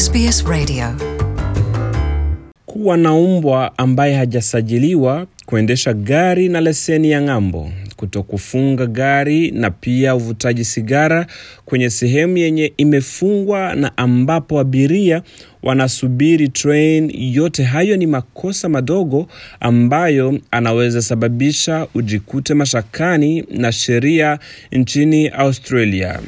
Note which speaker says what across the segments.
Speaker 1: SBS Radio. Kuwa na umbwa ambaye hajasajiliwa, kuendesha gari na leseni ya ng'ambo, kutokufunga gari na pia uvutaji sigara kwenye sehemu yenye imefungwa na ambapo abiria wanasubiri train. Yote hayo ni makosa madogo ambayo anaweza sababisha ujikute mashakani na sheria nchini Australia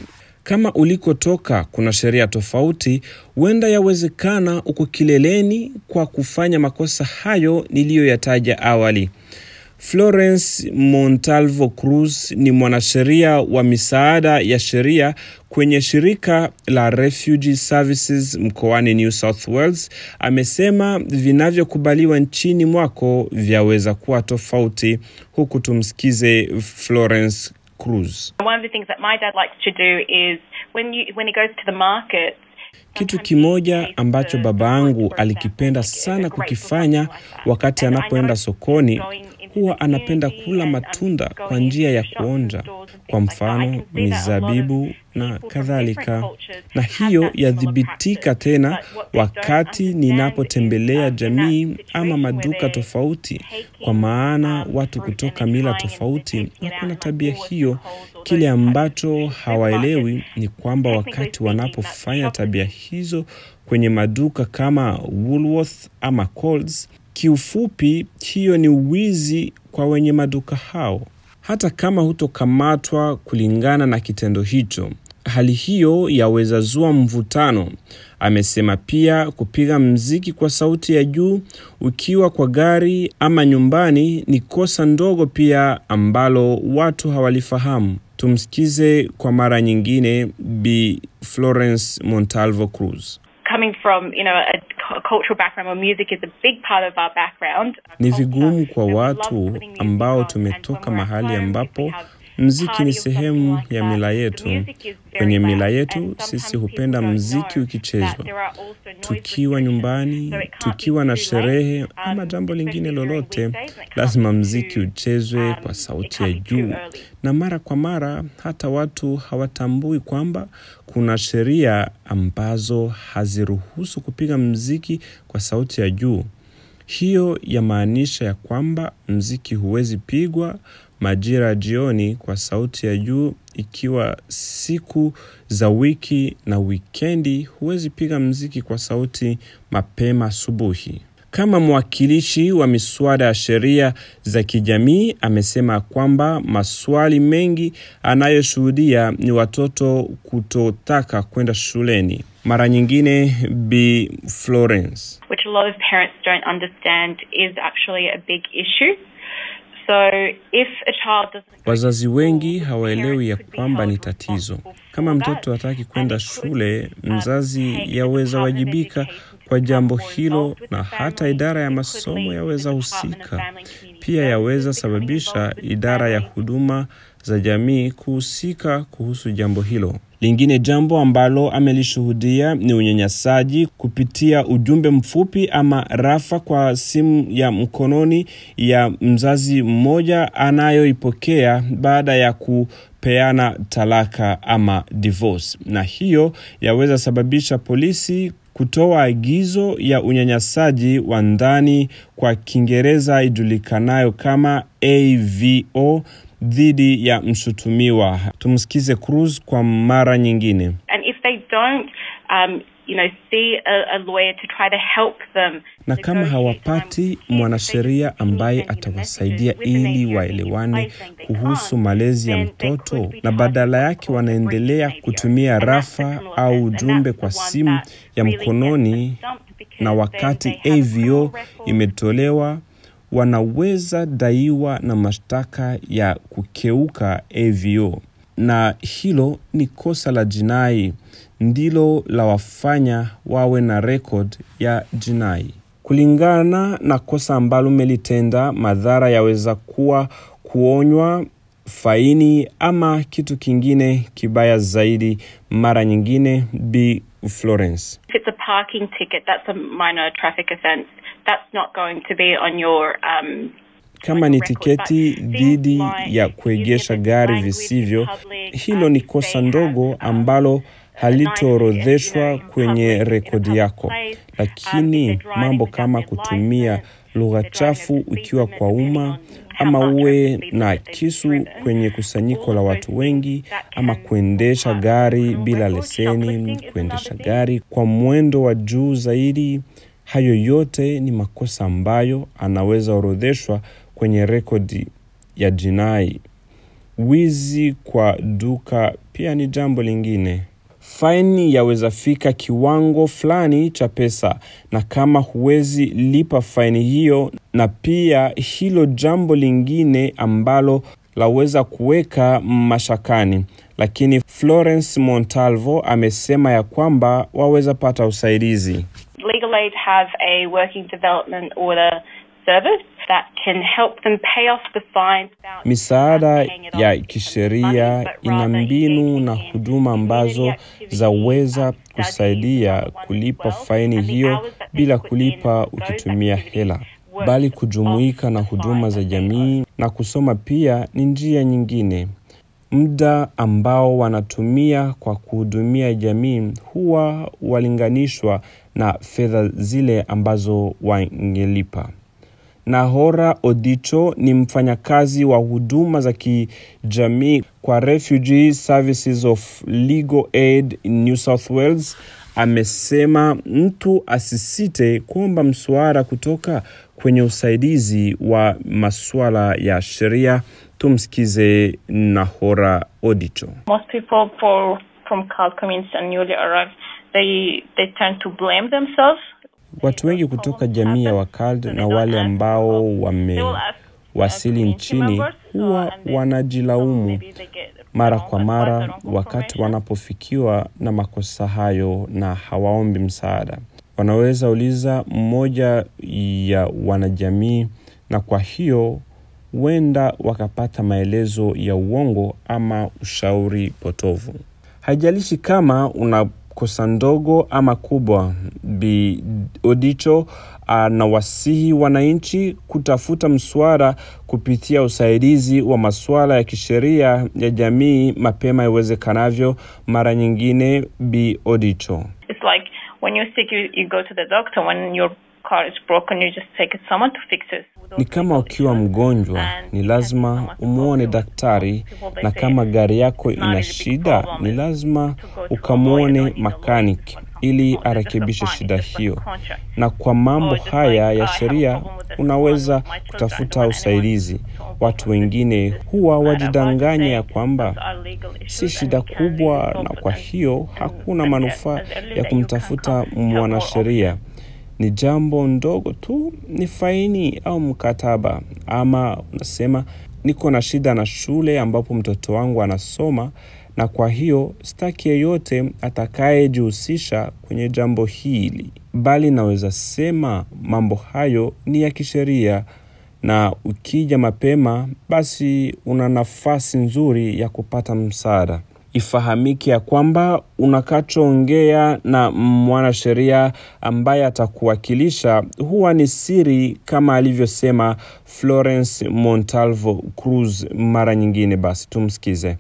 Speaker 1: kama ulikotoka kuna sheria tofauti, huenda yawezekana uko kileleni kwa kufanya makosa hayo niliyoyataja awali. Florence Montalvo Cruz ni mwanasheria wa misaada ya sheria kwenye shirika la Refugee Services mkoani New South Wales. Amesema vinavyokubaliwa nchini mwako vyaweza kuwa tofauti, huku tumsikize Florence Cruz. Kitu kimoja ambacho baba yangu alikipenda sana kukifanya wakati anapoenda sokoni huwa anapenda kula matunda kwa njia ya kuonja, kwa mfano mizabibu na kadhalika, na hiyo yadhibitika tena wakati ninapotembelea jamii ama maduka tofauti, kwa maana watu kutoka mila tofauti na tabia hiyo. Kile ambacho hawaelewi ni kwamba wakati wanapofanya tabia hizo kwenye maduka kama Woolworth ama Coles Kiufupi, hiyo ni uwizi kwa wenye maduka hao, hata kama hutokamatwa kulingana na kitendo hicho. Hali hiyo yaweza zua mvutano. Amesema pia kupiga mziki kwa sauti ya juu ukiwa kwa gari ama nyumbani ni kosa ndogo pia ambalo watu hawalifahamu. Tumsikize kwa mara nyingine b Florence Montalvo Cruz
Speaker 2: coming from, you know, a cultural background where music is a big part of our background.
Speaker 1: Ni vigumu kwa watu ambao tumetoka mahali ambapo Mziki ni sehemu ya mila yetu. Kwenye mila yetu sisi hupenda mziki ukichezwa tukiwa nyumbani, tukiwa na sherehe um, ama jambo lingine lolote, lazima mziki uchezwe um, kwa sauti ya juu, na mara kwa mara hata watu hawatambui kwamba kuna sheria ambazo haziruhusu kupiga mziki kwa sauti ya juu. Hiyo yamaanisha ya kwamba mziki huwezi pigwa majira ya jioni kwa sauti ya juu ikiwa siku za wiki na wikendi huwezi piga mziki kwa sauti mapema asubuhi. Kama mwakilishi wa miswada ya sheria za kijamii amesema kwamba maswali mengi anayoshuhudia ni watoto kutotaka kwenda shuleni. Mara nyingine b Florence,
Speaker 2: which a lot of parents don't understand is actually a big issue
Speaker 1: Wazazi wengi hawaelewi ya kwamba ni tatizo. Kama mtoto hataki kwenda shule, um, mzazi yaweza wajibika kwa jambo hilo, na hata idara ya masomo yaweza husika. Pia yaweza sababisha idara ya huduma za jamii kuhusika kuhusu jambo hilo. Lingine jambo ambalo amelishuhudia ni unyanyasaji kupitia ujumbe mfupi ama rafa kwa simu ya mkononi ya mzazi mmoja anayoipokea baada ya ku peana talaka ama divorce, na hiyo yaweza sababisha polisi kutoa agizo ya unyanyasaji wa ndani, kwa Kiingereza ijulikanayo kama AVO dhidi ya mshutumiwa. Tumsikize Cruz kwa mara nyingine.
Speaker 2: And if they don't, um, you know, see a, a lawyer to try to help them.
Speaker 1: Na kama hawapati mwanasheria ambaye atawasaidia ili waelewane kuhusu malezi ya mtoto, na badala yake wanaendelea kutumia rafa au ujumbe kwa simu ya mkononi, na wakati AVO imetolewa wanaweza daiwa na mashtaka ya kukeuka AVO na hilo ni kosa la jinai ndilo la wafanya wawe na rekod ya jinai kulingana na kosa ambalo melitenda Madhara yaweza kuwa kuonywa, faini ama kitu kingine kibaya zaidi. Mara nyingine, Bi Florence.
Speaker 2: If it's a parking ticket, that's a minor traffic offense that's not going to be on your
Speaker 1: um, kama ni tiketi dhidi ya kuegesha gari visivyo, um, hilo ni kosa ndogo um, ambalo halitoorodheshwa kwenye rekodi yako. Um, Lakini mambo kama kutumia lugha chafu ukiwa kwa umma ama uwe na kisu kwenye kusanyiko la watu wengi, ama kuendesha gari bila leseni, kuendesha gari kwa mwendo wa juu zaidi, Hayo yote ni makosa ambayo anaweza orodheshwa kwenye rekodi ya jinai. Wizi kwa duka pia ni jambo lingine. Faini yaweza fika kiwango fulani cha pesa, na kama huwezi lipa faini hiyo, na pia hilo jambo lingine ambalo laweza kuweka mashakani, lakini Florence Montalvo amesema ya kwamba waweza pata usaidizi.
Speaker 2: Adelaide have a working development order service that can help them pay off the fine.
Speaker 1: Misaada ya kisheria ina mbinu na huduma ambazo zaweza kusaidia kulipa faini hiyo bila kulipa ukitumia hela bali kujumuika na huduma za jamii na kusoma pia ni njia nyingine. Muda ambao wanatumia kwa kuhudumia jamii huwa walinganishwa na fedha zile ambazo wangelipa. Nahora Odicho ni mfanyakazi wa huduma za kijamii kwa Refugee Services of Legal Aid in New South Wales amesema mtu asisite kuomba mswara kutoka kwenye usaidizi wa masuala ya sheria. Tumsikize Nahora Odicho.
Speaker 2: Most people from cult communities and newly arrived, they, they tend to blame themselves.
Speaker 1: Watu wengi kutoka jamii ya Wakald na wale ambao wamewasili nchini huwa wanajilaumu mara kwa mara wakati wanapofikiwa na makosa hayo na hawaombi msaada wanaweza uliza mmoja ya wanajamii, na kwa hiyo huenda wakapata maelezo ya uongo ama ushauri potovu. Haijalishi kama una kosa ndogo ama kubwa, biodicho anawasihi wananchi kutafuta mswara kupitia usaidizi wa masuala ya kisheria ya jamii mapema iwezekanavyo. Mara nyingine, biodicho like
Speaker 2: When you're sick, you, you go to the doctor. When your car is broken, you just take it someone to fix it.
Speaker 1: Ni kama ukiwa mgonjwa ni lazima umwone daktari, na kama gari yako ina shida ni lazima ukamwone mechanic ili arekebishe shida hiyo, na kwa mambo oh, haya ya sheria unaweza kutafuta usaidizi. Watu wengine huwa wajidanganya ya kwamba si shida kubwa, na kwa hiyo hakuna manufaa ya kumtafuta mwanasheria. Ni jambo ndogo tu, ni faini au mkataba, ama unasema niko na shida na shule ambapo mtoto wangu anasoma na kwa hiyo staki yeyote atakayejihusisha kwenye jambo hili, bali naweza sema mambo hayo ni ya kisheria, na ukija mapema, basi una nafasi nzuri ya kupata msaada. Ifahamike ya kwamba unakachoongea na mwanasheria ambaye atakuwakilisha huwa ni siri, kama alivyosema Florence Montalvo Cruz. Mara nyingine basi tumsikize.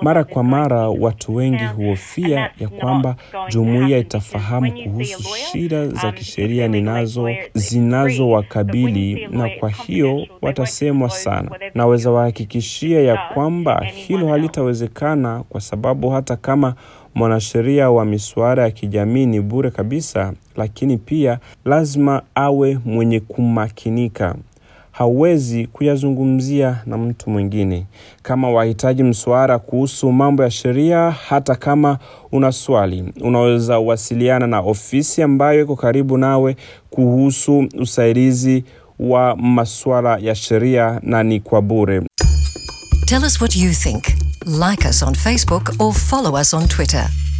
Speaker 1: Mara kwa mara watu wengi huhofia ya kwamba jumuiya itafahamu kuhusu shida za um, kisheria ninazo zinazowakabili, na kwa hiyo watasemwa sana. Naweza wahakikishia ya kwamba hilo halitawezekana, kwa sababu hata kama mwanasheria wa miswada ya kijamii ni bure kabisa, lakini pia lazima awe mwenye kumakinika hauwezi kuyazungumzia na mtu mwingine. Kama wahitaji mswara kuhusu mambo ya sheria, hata kama una swali, unaweza uwasiliana na ofisi ambayo iko karibu nawe kuhusu usaidizi wa maswala ya sheria na ni kwa bure. Tell us what you think. Like us on Facebook or follow us on Twitter.